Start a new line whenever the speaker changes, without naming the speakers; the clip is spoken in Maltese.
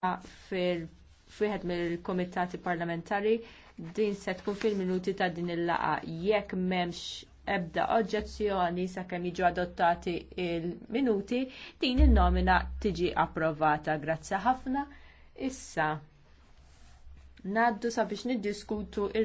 fil-fiħed mill-komitati parlamentari din se tkun fil-minuti ta' din il laqgħa Jekk m'hemmx ebda oġġezzjoni sakemm jiġu adottati l minuti din il-nomina tiġi approvata. Grazzi ħafna. Issa, ngħaddu sabiex niddiskutu